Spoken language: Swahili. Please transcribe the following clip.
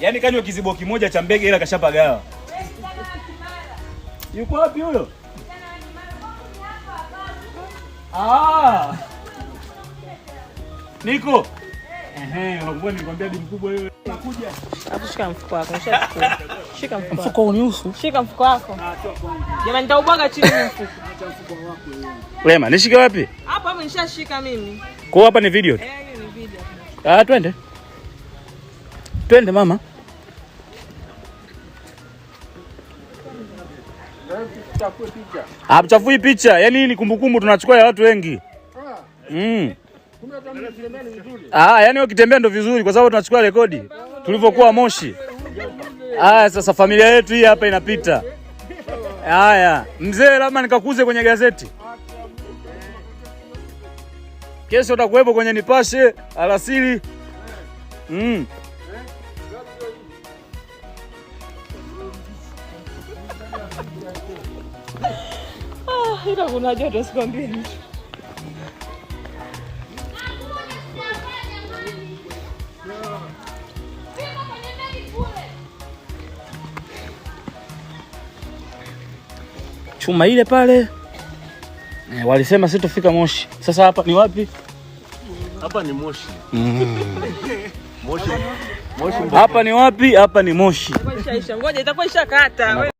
Yaani kanywa kizibo kimoja cha mbege ila gawa. Yuko wapi huyo? Ah. Niko. Ehe, mkubwa yule. Hapo shika mfuko wako, Shika mfuko Mfuko unihusu? Shika mfuko wako. Ah, Jamani nitaubwaga chini mfuko. Acha mfuko wako wewe. nishike wapi? Hapo hapo nishashika mimi. Kwa hapa ni video. Eh, ni video. Ah, twende. Twende mama. Hatuchafui picha, yaani hii ni kumbukumbu tunachukua ya watu wengi. Mm. Ah, yaani ukitembea ndo vizuri kwa sababu tunachukua rekodi tulivyokuwa Moshi. aya ah, sasa familia yetu hii hapa inapita. Haya, mzee, labda nikakuze kwenye gazeti. Kesho utakuwepo kwenye Nipashe alasiri. Mm. Ah, ila kuna joto mtu. Chuma ile pale e, walisema tufika Moshi. Sasa hapa ni wapi? Hapa ni Moshi. Mm. Moshi. Moshi. Hapa ni wapi? Hapa ni Moshi. itakuwa ishakata.